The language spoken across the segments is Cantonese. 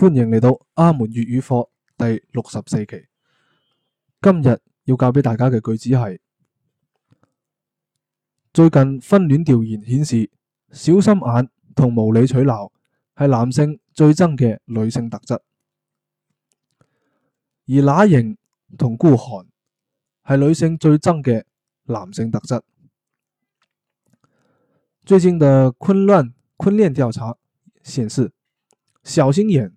歡迎嚟到阿門粵語課第六十四期。今日要教俾大家嘅句子係：最近婚戀調研顯示，小心眼同無理取鬧係男性最憎嘅女性特質，而乸型同孤寒係女性最憎嘅男性特質。最近嘅婚戀婚戀調查顯示，小心眼。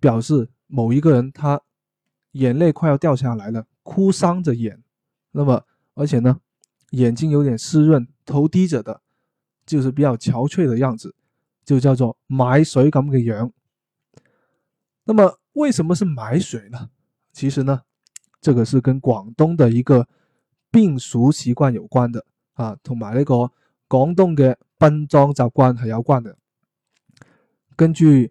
表示某一個人他眼淚快要掉下來了，哭喪着眼，那麼而且呢，眼睛有點濕潤，頭低着的，就是比較憔悴的樣子，就叫做買水咁嘅樣，的樣子。那麼為什麼是買水呢？其實呢，這個是跟廣東的一個病俗習慣有關的啊，同埋呢個廣東嘅殯葬習慣係有關嘅，根據。